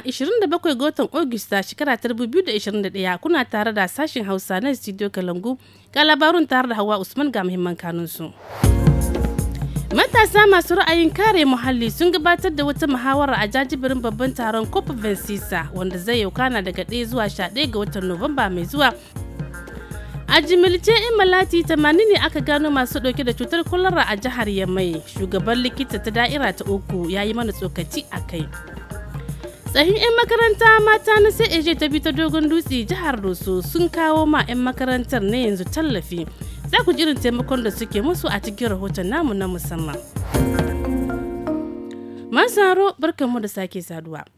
27 ga watan ogusta shekara ta 2021 kuna tare da sashen Hausa na Studio Kalangu ga labarun tare da Hawa Usman ga muhimman kanunsu. Matasa masu ra'ayin kare muhalli sun gabatar da wata muhawara a jajibirin babban taron COP26 wanda zai kana daga 1 zuwa 11 ga watan Nuwamba mai zuwa a jimilce in malati 80 ne aka gano masu dauke da cutar kwalara a jihar yamai shugaban likita ta da'ira ta uku ya yi mana tsokaci a kai tsahin 'yan makaranta mata na sai ta bi ta dogon dutse jihar doso sun kawo ma 'yan makarantar na yanzu tallafi za ku jirin taimakon da suke musu a cikin rahoton namu na musamman masaro barkanmu da sake saduwa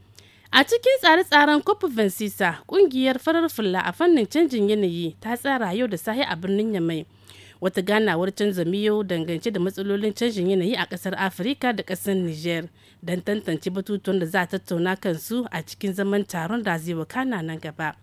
a cikin tsare-tsaren cop vansisa kungiyar farar fulla a fannin canjin yanayi ta tsara yau da sahi a birnin yamai wata ganawar canza miyo dangance da matsalolin canjin yanayi a kasar afirka da kasar niger don tantance batutuwan da za a tattauna kansu a cikin zaman taron da zai wakana nan gaba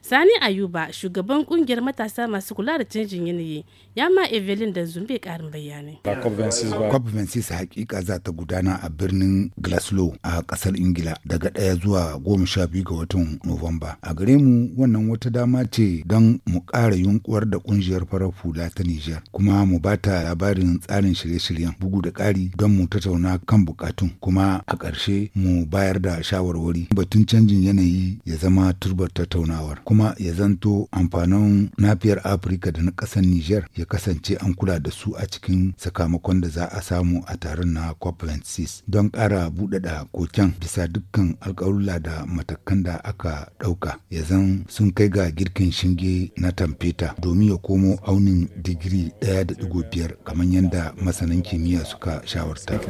sani ayuba shugaban kungiyar matasa masu kula da canjin yanayi ya ma evelyn da zumbe karin bayanai cop 26 hakika za ta gudana a birnin glasgow a kasar ingila daga ɗaya zuwa goma sha biyu ga watan nuwamba a gare mu wannan wata dama ce don mu ƙara yunkuwar da kungiyar farar hula ta nijar kuma mu ba ta labarin tsarin shirye-shiryen bugu da ƙari don mu tattauna kan bukatun kuma a ƙarshe mu bayar da shawarwari batun canjin yanayi ya zama turbar tattaunawa kulawar kuma ya zanto amfanin nafiyar afirka da na ƙasar niger ya kasance an kula da su a cikin sakamakon da za a samu a taron na cop 26 don ƙara buɗaɗa koken bisa dukkan alƙawula da matakan da aka ɗauka ya zan sun kai ga girkin shinge na tamfeta domin ya komo aunin digiri da biyar kamar yadda masanan kimiyya suka shawarta.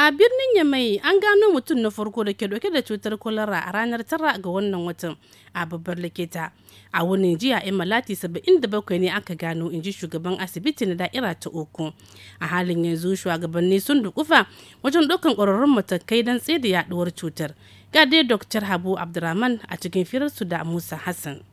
a birnin yamai an gano mutum na farko da ke dauke da cutar kwalara a ranar tara ga wannan watan a babbar likita a wani jiya in malati 77 ne aka gano in ji shugaban asibiti na da'ira ta uku a halin yanzu shugabanni sun dukufa wajen ɗaukan ƙwararrun matakai don tsaye da yaduwar cutar ga dai dr habu Abdulrahman a cikin firarsu da musa hassan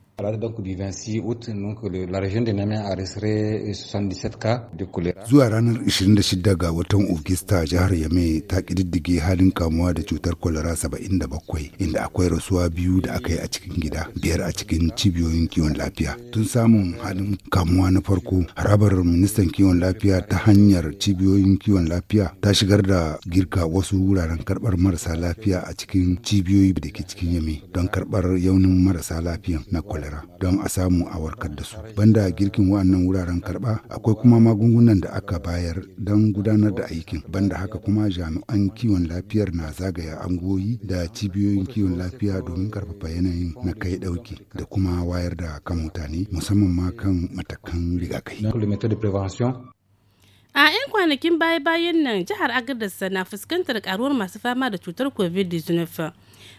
Zuwa ranar 26 ga watan Ogista jihar Yame ta kididdige halin kamuwa da cutar kwalara 77 inda akwai rasuwa biyu da aka yi a cikin gida biyar a cikin cibiyoyin kiwon lafiya. Tun samun halin kamuwa na farko harabar ministan kiwon lafiya ta hanyar cibiyoyin kiwon lafiya ta shigar da girka wasu wuraren karbar marasa lafiya a cikin cibiyoyi da cikin Yame don karbar yaunin marasa lafiya na kwalara. madara don a samu a warkar da su banda girkin wa'annan wuraren karba akwai kuma magungunan da aka bayar don gudanar da aikin banda haka kuma jami'an kiwon lafiyar na zagaya angoyi da cibiyoyin kiwon lafiya domin karfafa yanayin na kai dauki da kuma wayar da kan mutane musamman ma kan matakan rigakafi A 'yan kwanakin baya-bayan nan jihar agadasa na fuskantar karuwar masu fama da cutar COVID-19.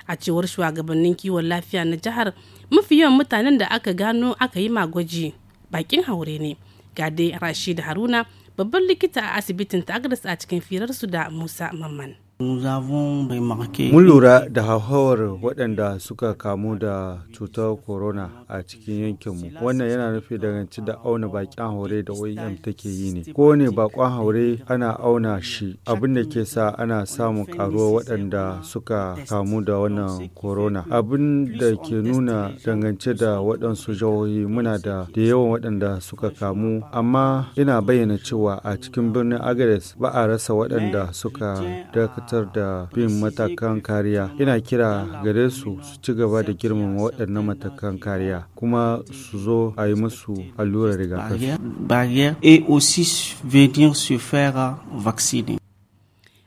a cewar shugabannin kiwon lafiya na jihar mafi yawan mutanen da aka gano aka yi magwaji bakin haure ne ga dai rashid haruna babban likita a asibitin ta a cikin firarsu da musa mamman Mun lura da hauhawar waɗanda suka kamu da cutar corona a cikin yankinmu. Wannan yana nufi danganci da auna bakin haure da OEM take yi ne. Ko ne bakon haure ana auna shi abin da ke sa ana samun karuwa waɗanda suka kamu da wannan corona. Abin da ke nuna dangance da waɗansu jihohi muna da da yawan waɗanda suka kamu amma ina bayyana cewa a cikin birnin agares ba a rasa waɗanda suka dakata tabbatar da bin matakan kariya ina kira gare su su ci gaba da girmama waɗannan matakan kariya kuma su zo a yi musu allurar rigakafi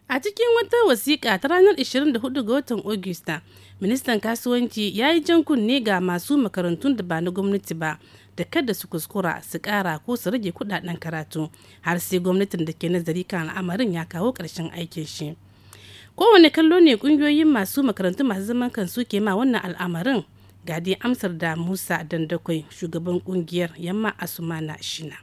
a cikin wata wasiƙa ta ranar 24 ga watan Agusta, ministan kasuwanci ya yi jan kunne ga masu makarantun da ba na gwamnati ba da kada su kuskura su ƙara ko su rage kudaden karatu har sai gwamnatin da ke nazari kan al'amarin ya kawo ƙarshen aikin shi. kowane kallo ne kungiyoyin masu makarantu masu zaman kansu ke ma wannan al'amarin ga dai amsar da musa dandakwai shugaban kungiyar yamma asumana shina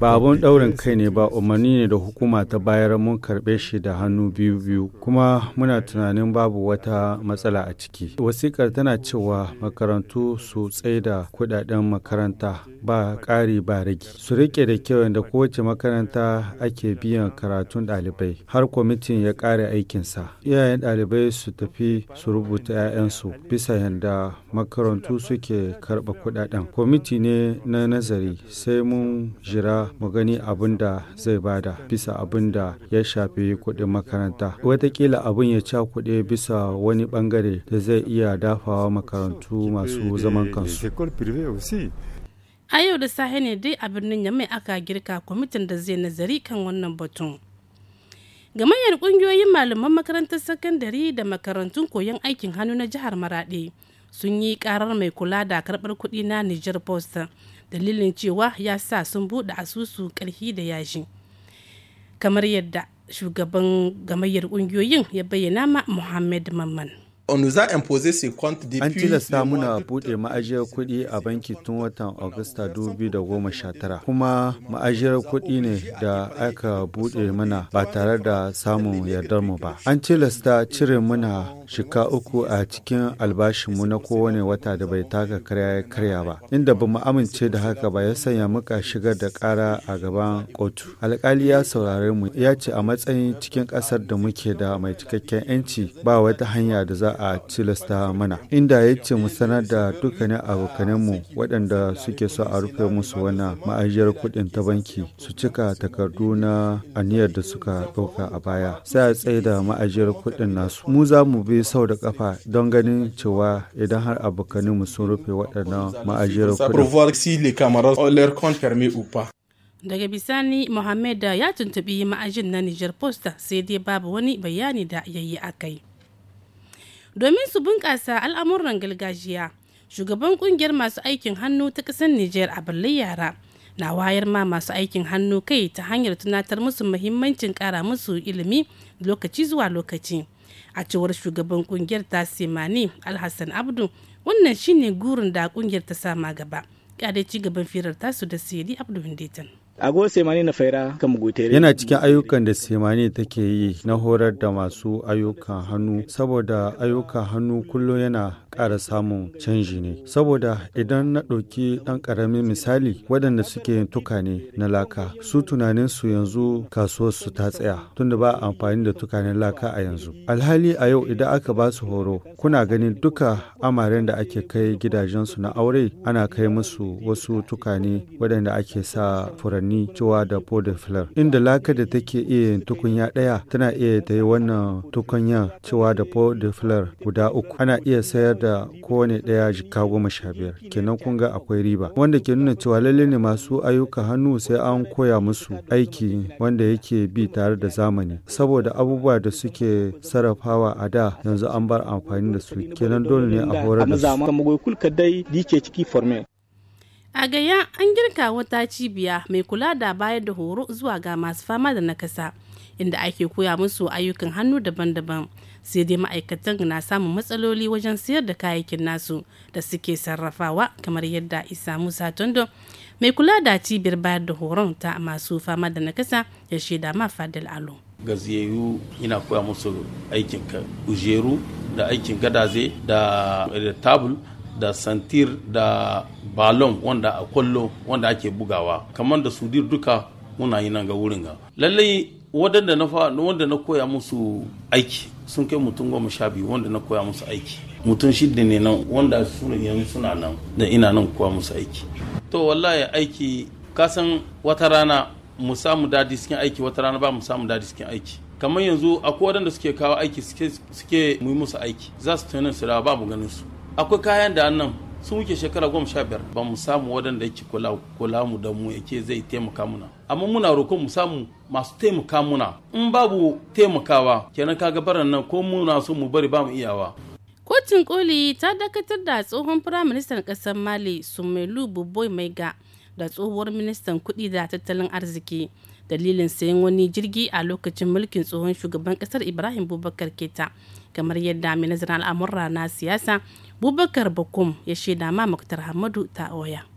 babun ɗaurin kai ne ba umarni ne da hukuma ta bayar mun karɓe shi da hannu biyu biyu kuma muna tunanin babu wata matsala a ciki wasikar tana cewa makarantu su tsaida kudaden makaranta ba ƙari ba rage su rike da kyau da kowace makaranta ake biyan karatun ɗalibai har kwamitin ya ƙare aikinsa iyayen ɗalibai su tafi su rubuta 'ya'yansu bisa yadda makarantu suke karɓa kudaden kwamiti ne na nazari sai mu mun jira mu gani abin da zai bada bisa abin da ya shafi kuɗin makaranta watakila abin ya ca kuɗi bisa wani bangare da zai iya dafawa makarantu masu zaman kansu a yau da sahi ne dai a birnin ya mai aka girka kwamitin da zai nazari kan wannan batun gamayyar kungiyoyin malaman makarantar sakandare da makarantun koyon aikin hannu na jihar maraɗe sun yi karar mai kula da karɓar kuɗi na niger post dalilin cewa ya sa sun buɗe asusu ƙarfi da yashi kamar yadda shugaban gamayyar ƙungiyoyin ya bayyana ma muhammad mamman An tilasta muna buɗe ma'ajiyar kuɗi a banki tun watan Agusta 2019 kuma ma'ajiyar kuɗi ne da aka buɗe mana ba tare da samun yardar mu ba. An tilasta cire muna shika uku a cikin albashinmu na kowane wata da bai taka karya karya ba. Inda ba mu amince da haka ba ya sanya muka shigar da kara a gaban kotu. Alƙali ya saurare mu ya ce a matsayin cikin ƙasar da muke da mai cikakken 'yanci ba wata hanya da za a tilasta mana inda ya ce mu sanar da dukkanin abokanenmu waɗanda suke so a rufe musu wannan ma'ajiyar kuɗin ta banki su cika takardu na aniyar da suka ɗauka a baya sai a tsaye da ma'ajiyar kuɗin nasu mu za mu bi sau da kafa don ganin cewa idan har abokanenmu sun rufe waɗannan ma'ajiyar kuɗin daga bisani mohammed ya tuntubi ma'ajin na niger posta sai dai babu wani bayani da yayi akai domin su bunƙasa al'amuran gargajiya shugaban kungiyar masu aikin hannu ta ƙasar Nijar a birnin yara na wayar ma masu aikin hannu kai ta hanyar tunatar musu muhimmancin ƙara musu ilimi lokaci zuwa lokaci a cewar shugaban kungiyar ta semani alhassan abdu wannan shine gurin da kungiyar ta sama gaba ƙadai ci gaban firar tasu da siri abdu hindetan Ago Semani na faira kan mugutere Yana cikin ayyukan da Semani take yi na horar da masu ayyukan hannu saboda ayyukan hannu kullum yana kara samun canji ne saboda idan na ɗauki ɗan ƙaramin misali waɗanda suke yin tukane na laka su tunanin su yanzu kasuwar su ta tsaya tunda ba amfani da tukanen laka a yanzu alhali a yau idan aka ba su horo kuna ganin duka amaren da ake kai gidajen su na aure ana kai musu wasu tukane waɗanda ake sa furanni cewa da podiflar inda laka da take iya yin tukunya ɗaya tana iya ta yi wannan tukunya cewa da podiflar guda uku ana iya sayar da da kowane ɗaya jika goma sha biyar kenan kun ga akwai riba wanda ke nuna cewa lalle ne masu ayyuka hannu sai an koya musu aiki wanda yake bi tare da zamani saboda abubuwa da suke sarrafawa a da yanzu an bar amfani da su kenan dole ne a horar da su A gaya an girka wata cibiya mai kula da bayar da horo zuwa ga masu fama da nakasa. inda ake koya musu ayyukan hannu daban-daban sai dai ma'aikatan na samun matsaloli wajen sayar da kayayyakin nasu da suke sarrafawa kamar yadda isa musa tondo mai kula da cibiyar bayar da horon ta masu fama da nakasa ya shaida ma fadil alo gaziyayyu ina koya musu aikin ujeru da aikin gadaze da tabul da santir da balon wanda a kwallo wanda ake bugawa kamar da sudir duka muna yi nan ga wurin ga lallai wadanda na wanda na koya musu aiki sun kai mutum goma sha biyu wanda na koya musu aiki mutum shida ne nan wanda su yanzu suna nan da ina nan koya musu aiki to wallahi aiki kasan wata rana mu samu dadi cikin aiki wata rana ba mu samu dadi cikin aiki kamar yanzu akwai wadanda suke kawo aiki suke mu musu aiki za su tunanin su ba mu ganin su akwai kayan da nan sun muke shekara goma sha biyar ba mu samu waɗanda yake kula kula mu da mu yake zai taimaka muna amma muna roƙon mu samu masu taimaka muna in babu taimakawa kenan ka gabar nan ko muna so mu bari ba mu iyawa kotun koli ta dakatar da tsohon firaministan kasar mali sumelu buboi maiga da tsohuwar ministan kuɗi da tattalin arziki dalilin sayan wani jirgi a lokacin mulkin tsohon shugaban ƙasar ibrahim bubakar keta kamar yadda ministan al'amurra na siyasa bubakar bakum ya shaida ma muktar hamadu ta oya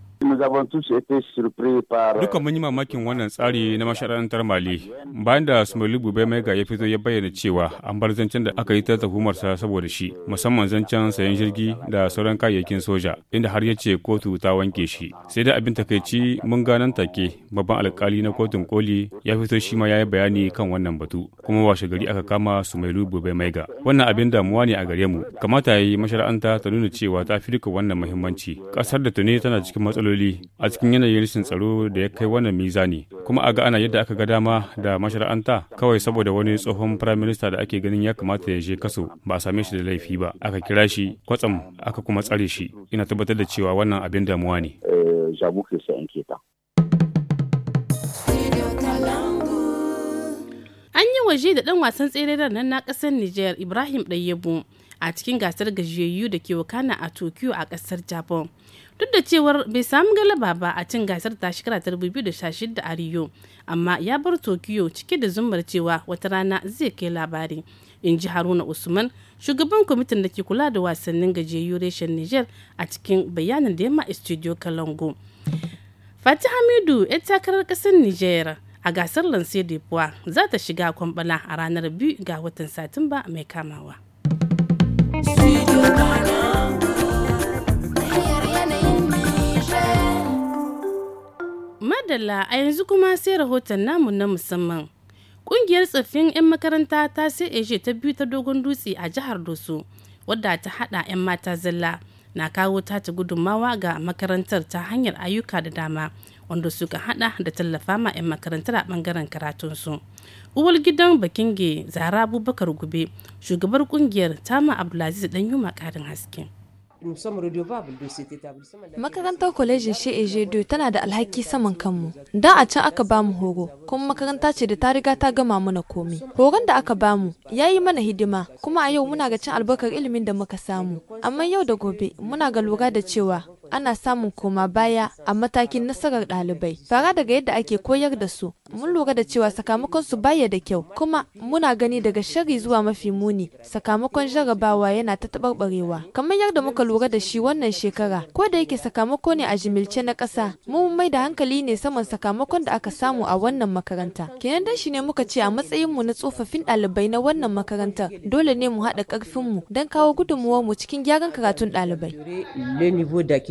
Duka mun yi mamakin wannan tsari na masharantar Mali bayan da Sumali Bube Mega ya fito ya bayyana cewa an bar zancen da aka yi ta tuhumarsa saboda shi musamman zancen sayan jirgi da sauran kayayyakin soja inda har ya ce kotu ta wanke shi sai da abin takaici mun ganan take babban alkali na kotun koli ya fito shi ma ya yi bayani kan wannan batu kuma washe gari aka kama Sumailu Bube Mega wannan abin damuwa ne a gare mu kamata ya yi mashara'anta ta nuna cewa ta fi duka wannan muhimmanci kasar da tuni tana cikin matsaloli matsaloli a cikin yanayin rashin tsaro da ya kai wannan mizani kuma a ga ana yadda aka ga dama da mashara'anta kawai saboda wani tsohon firayim minista da ake ganin ya kamata ya je kaso ba a same shi da laifi ba aka kira shi kwatsam aka kuma tsare shi ina tabbatar da cewa wannan abin damuwa ne. Eh, An yi waje da ɗan wasan tsere nan na kasar Nijar Ibrahim Ɗayyabu. a cikin gasar gajiyayyu da ke wakana a tokyo a kasar japan duk da cewar bai samu galaba ba a cin gasar ta shekara ta 2016 a rio amma ya bar tokyo cike da zumar cewa wata rana zai kai labari in ji haruna usman shugaban kwamitin da ke kula da wasannin gajiyayyu reshen niger a cikin bayanin da yamma studio kalango Fati hamidu ya takarar kasar niger a gasar lanse de za ta shiga kwambala a ranar biyu ga watan satumba mai kamawa Madalla a yanzu kuma sai rahoton namu na musamman. Kungiyar tsoffin 'yan makaranta ta CAG ta biyu ta dogon dutse a jihar Doso, wadda ta hada 'yan mata zalla na kawo ta tata gudunmawa ga makarantar ta hanyar ayyuka da dama wanda suka hada da tallafa ma 'yan makarantar a bangaren karatunsu uwar gidan bakinge zara abubakar gube shugabar kungiyar tama abdulaziz dan yuma karin haske Makarantar kwalejin She'eje Ejedo tana da alhaki saman kanmu. Da a can aka bamu horo, kuma makaranta ce da ta riga ta gama mana komi. Horon da aka bamu ya yi mana hidima, kuma a yau muna ga cin albarkar ilimin da muka samu. Amma yau da gobe muna ga lura da cewa ana samun koma baya a matakin nasarar ɗalibai. Fara daga yadda ake koyar da su, mun lura da cewa sakamakon su baya da kyau, kuma muna gani daga shari zuwa mafi muni sakamakon jarabawa yana ta taɓarɓarewa. Kamar yadda muka lura da shi wannan shekara, ko da yake sakamako ne a jimilce na ƙasa, mun mai da hankali ne saman sakamakon da aka samu a wannan makaranta. Kenan dan shi ne muka ce a matsayin mu na tsofaffin ɗalibai na wannan makarantar, dole ne mu haɗa mu don kawo mu cikin gyaran karatun ɗalibai.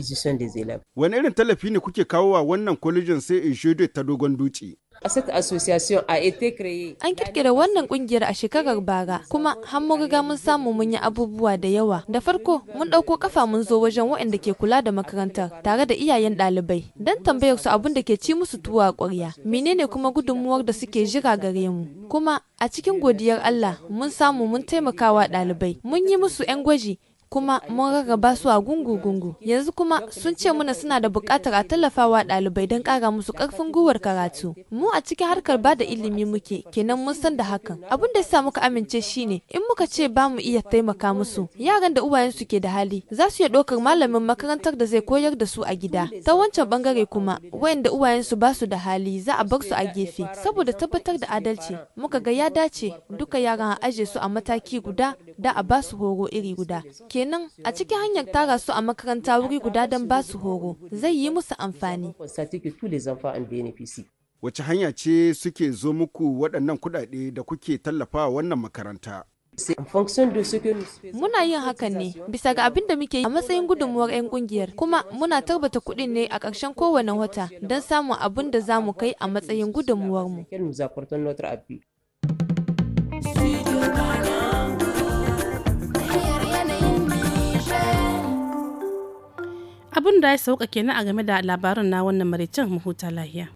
position zai Wani irin tallafi ne kuke kawo wa wannan kwalejin sai in ta dogon dutse? An kirkira wannan kungiyar a shekarar bara kuma har mun riga mun samu mun yi abubuwa da yawa. Da farko mun ɗauko kafa mun zo wajen waɗanda ke kula da makarantar tare da iyayen ɗalibai don tambayar su abin da ke ci musu tuwa a ƙwarya. Menene kuma gudunmuwar da suke jira gare mu? Kuma a cikin godiyar Allah mun samu mun taimakawa ɗalibai. Mun yi musu 'yan gwaji kuma mun rarraba su a gungu-gungu yanzu kuma sun ce muna suna da bukatar a tallafawa dalibai don kara musu karfin gwiwar karatu mu a cikin harkar bada ilimi muke kenan mun san da hakan abin da yasa muka amince shine in muka ce ba mu iya taimaka musu yaran da uwayensu ke da hali za su iya ɗaukar malamin makarantar da zai koyar da su a gida ta wancan bangare kuma wayanda uwayensu ba su da hali za a bar su a gefe saboda tabbatar da adalci muka ga ya dace duka yaran a aje su a mataki guda da a ba su horo iri guda kenan a cikin hanyar tara su a makaranta wuri guda don ba su horo zai yi musu amfani. Wace hanya ce suke zo muku waɗannan kuɗaɗe da kuke tallafa wannan makaranta? Muna yin hakan ne bisa ga abin da muke yi a matsayin gudunmuwar 'yan kungiyar kuma muna tarbata kuɗin ne a ƙarshen kowane wata don samun abin da za mu kai a matsayin gudunmuwarmu. abin da ya sauka kenan a game da labarin na wannan maricin mahuta lahiya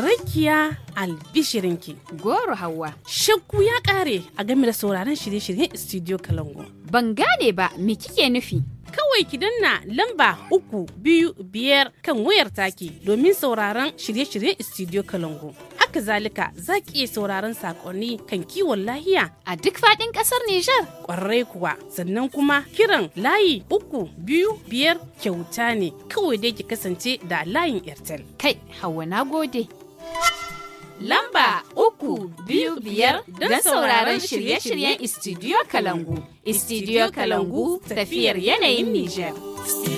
rakiya albishirinki goro hawa shakku ya kare a game da sauraron shirye-shiryen studio kalango ban gane ba me kike nufi kawai ki danna lamba uku biyu biyar kan wayar take domin sauraron shirye-shiryen studio kalango Haka zalika za ki iya sauraron sakonni kan kiwon lahiya a duk fadin kasar Nijar. kwarai kuwa sannan kuma kiran layi uku biyu biyar kyauta ne kawai dai ki kasance da layin Airtel. Kai hawa na gode. Lamba uku biyu biyar don sauraron shirye-shiryen Istidiyo Kalangu. Istidiyo Kalangu tafiyar yanayin Nijar.